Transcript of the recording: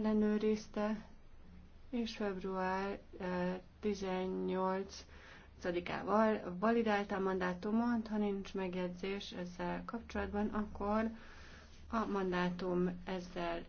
ellenőrizte, és február 18-ával eh, validálta a mandátumot, ha nincs megjegyzés ezzel kapcsolatban, akkor a mandátum ezzel